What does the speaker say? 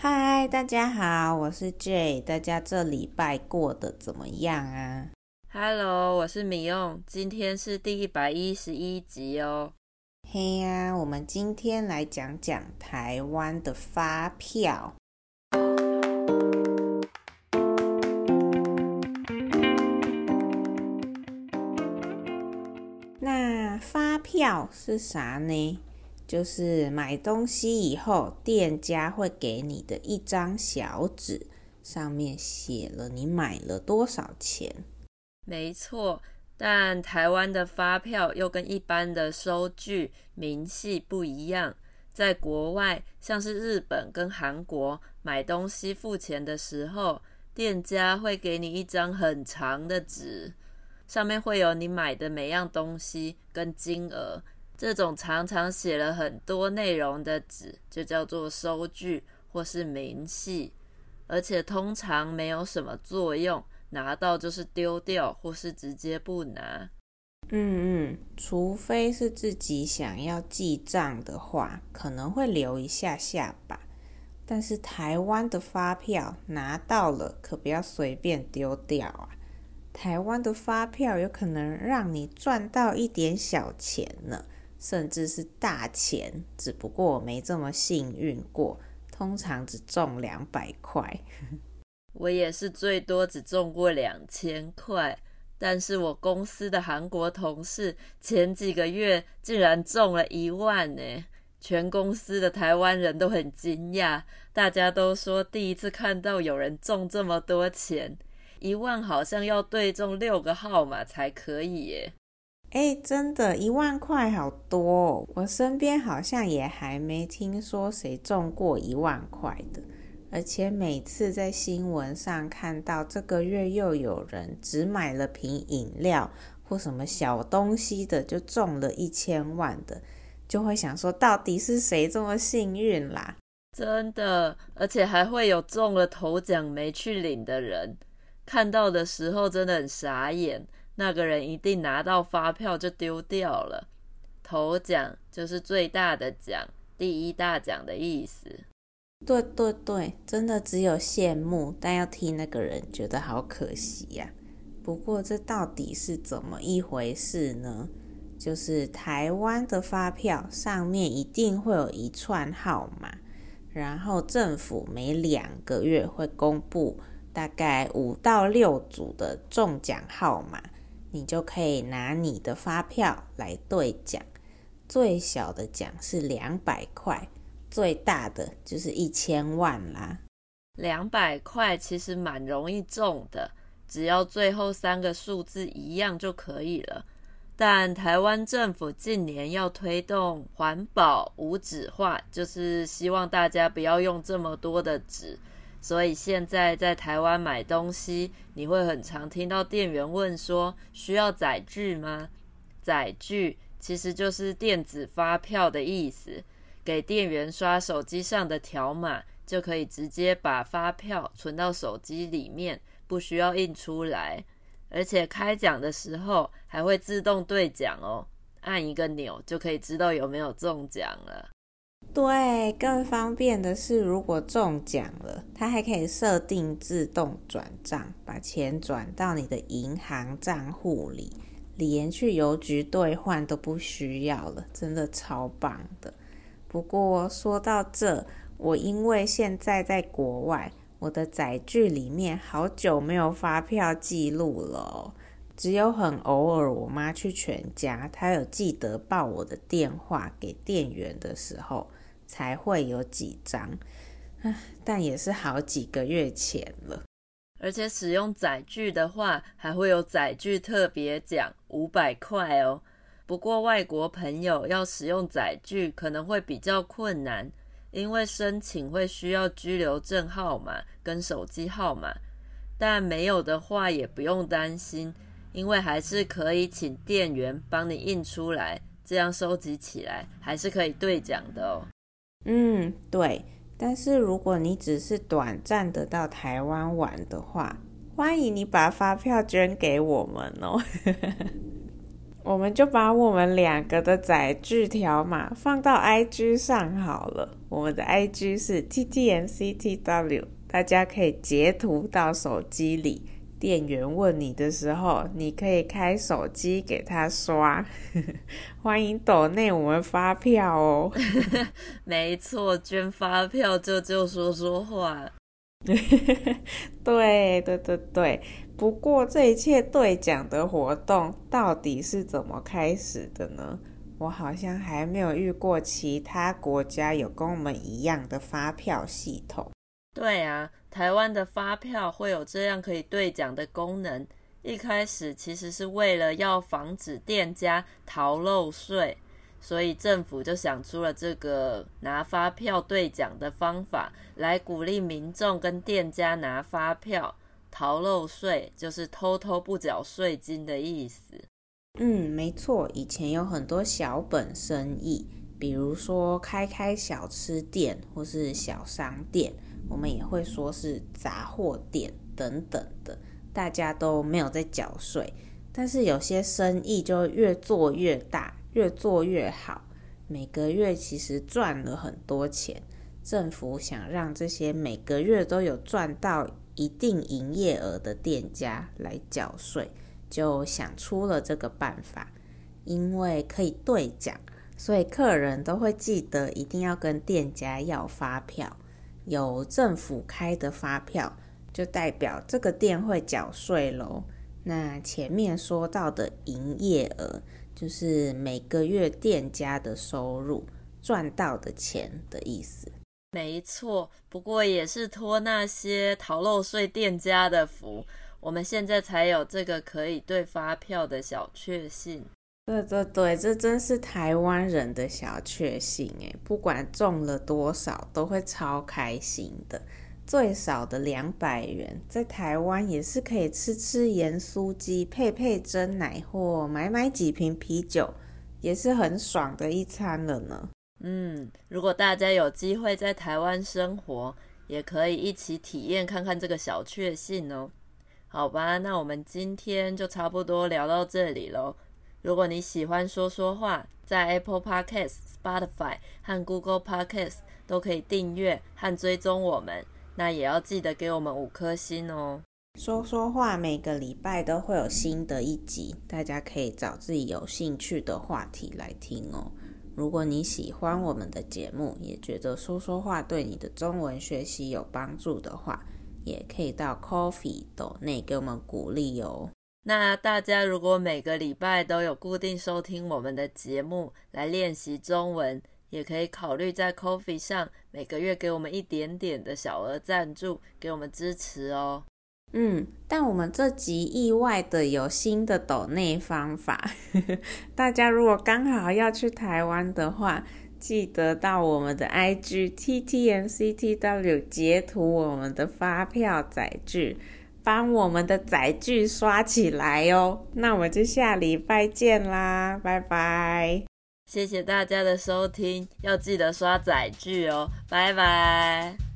嗨，大家好，我是 Jay 大家這禮拜過得怎麼樣啊？Hello，我是米用，今天是第一百一十一集哦。嘿、hey、呀、啊，我們今天來講講台灣的發票。 那發票是啥呢？就是買東西以後，店家會給你的一張小紙，上面寫了你買了多少錢。沒錯，但台灣的發票又跟一般的收據明細不一樣。在國外，像是日本跟韓國，買東西付錢的時候，店家會給你一張很長的紙，上面會有你買的每樣東西跟金額。這種常常寫了很多內容的紙就叫做收據或是明細，而且通常沒有什麼作用，拿到就是丟掉或是直接不拿。嗯嗯，除非是自己想要記賬的話，可能會留一下下吧。但是台灣的發票拿到了，可不要隨便丟掉啊！台灣的發票有可能讓你賺到一點小錢呢。甚至是大錢，只不過我沒這麼幸運過。通常只中兩百塊， 我也是最多只中過兩千塊。但是我公司的韓國同事前幾個月竟然中了一萬呢、欸，全公司的台灣人都很驚訝，大家都說第一次看到有人中這麼多錢，一萬好像要對中六個號碼才可以耶、欸。哎，真的，一萬塊好多哦！我身邊好像也還沒聽說誰中過一萬塊的。而且每次在新聞上看到這個月又有人只買了瓶飲料或什麼小東西的，就中了一千萬的，就會想說到底是誰這麼幸運啦？真的，而且還會有中了頭獎沒去領的人，看到的時候真的很傻眼。那個人一定拿到發票就丟掉了。頭獎就是最大的獎，第一大獎的意思。對對對，真的只有羨慕，但要替那個人覺得好可惜呀、啊。不過這到底是怎麼一回事呢？就是台灣的發票上面一定會有一串號碼，然後政府每兩個月會公布大概五到六組的中獎號碼。你就可以拿你的發票來兌獎，最小的獎是兩百塊，最大的就是一千萬啦。兩百塊其實蠻容易中的，只要最後三個數字一樣就可以了。但台灣政府近年要推動環保無紙化，就是希望大家不要用這麼多的紙。所以現在在台灣買東西，你會很常聽到店員問說：“需要載具嗎？”載具其實就是電子發票的意思，給店員刷手機上的條碼，就可以直接把發票存到手機裡面，不需要印出來。而且開獎的時候還會自動兌獎哦，按一個鈕就可以知道有沒有中獎了。對，更方便的是，如果中獎了，它還可以設定自動轉賬，把錢轉到你的銀行賬戶裡，連去郵局兌換都不需要了，真的超棒的。不過說到這，我因為現在在國外，我的載具裡面好久沒有發票記錄了哦，只有很偶爾我媽去全家，她有記得報我的電話給店員的時候。才會有幾張，但也是好幾個月前了。而且使用載具的話，還會有載具特別獎五百塊哦。不過外國朋友要使用載具可能會比較困難，因為申請會需要居留證號碼跟手機號碼。但沒有的話也不用擔心，因為還是可以請店員幫你印出來，這樣收集起來還是可以兌獎的哦。嗯，對。但是如果你只是短暫的到台灣玩的話，歡迎你把發票捐給我們哦。 我們就把我們兩個的載具條碼放到 IG 上好了。我們的 IG 是 TTMCTW，大家可以截圖到手機裡。店員問你的時候，你可以開手機給他刷。 歡迎抖內我們發票哦， 沒錯，捐發票就就說說話。 對對對對，不過這一切兌獎的活動到底是怎麼開始的呢？我好像還沒有遇過其他國家有跟我們一樣的發票系統。對啊，台灣的發票會有這樣可以對獎的功能。一開始其實是為了要防止店家逃漏稅，所以政府就想出了這個拿發票對獎的方法，來鼓勵民眾跟店家拿發票。逃漏稅就是偷偷不繳稅金的意思。嗯，沒錯，以前有很多小本生意，比如說開開小吃店或是小商店。我們也會說是雜貨店等等的，大家都沒有在繳稅。但是有些生意就越做越大，越做越好，每個月其實賺了很多錢。政府想讓這些每個月都有賺到一定營業額的店家來繳稅，就想出了這個辦法，因為可以兌獎，所以客人都會記得一定要跟店家要發票。有政府開的發票，就代表這個店會繳稅嘍。那前面說到的營業額，就是每個月店家的收入、賺到的錢的意思。沒錯，不過也是托那些逃漏稅店家的福，我們現在才有這個可以對發票的小確幸。對對對，這真是台灣人的小確幸哎，不管中了多少，都會超開心的。最少的兩百元，在台灣也是可以吃吃鹽酥雞、配配珍奶，或買買幾瓶啤酒，也是很爽的一餐了呢。嗯，如果大家有機會在台灣生活，也可以一起體驗看看這個小確幸哦。好吧，那我們今天就差不多聊到這裡嘍。如果你喜歡說說話，在 Apple Podcast、Spotify 和 Google Podcast 都可以訂閱和追蹤我們。那也要記得給我們五顆星哦！說說話每個禮拜都會有新的一集，大家可以找自己有興趣的話題來聽哦。如果你喜歡我們的節目，也覺得說說話對你的中文學習有幫助的話，也可以到 Ko-fi 鬥內給我們鼓勵哦。那大家如果每個禮拜都有固定收聽我們的節目來練習中文，也可以考慮在 Ko-fi 上每個月給我們一點點的小額贊助，給我們支持哦。嗯，但我們這集意外的有新的抖內方法， 大家如果剛好要去台灣的話，記得到我們的 IG TTMCTW 截圖我們的發票載具。幫我們的載具刷起來哦，那我們就下禮拜見啦，拜拜！謝謝大家的收聽，要記得刷載具哦，拜拜！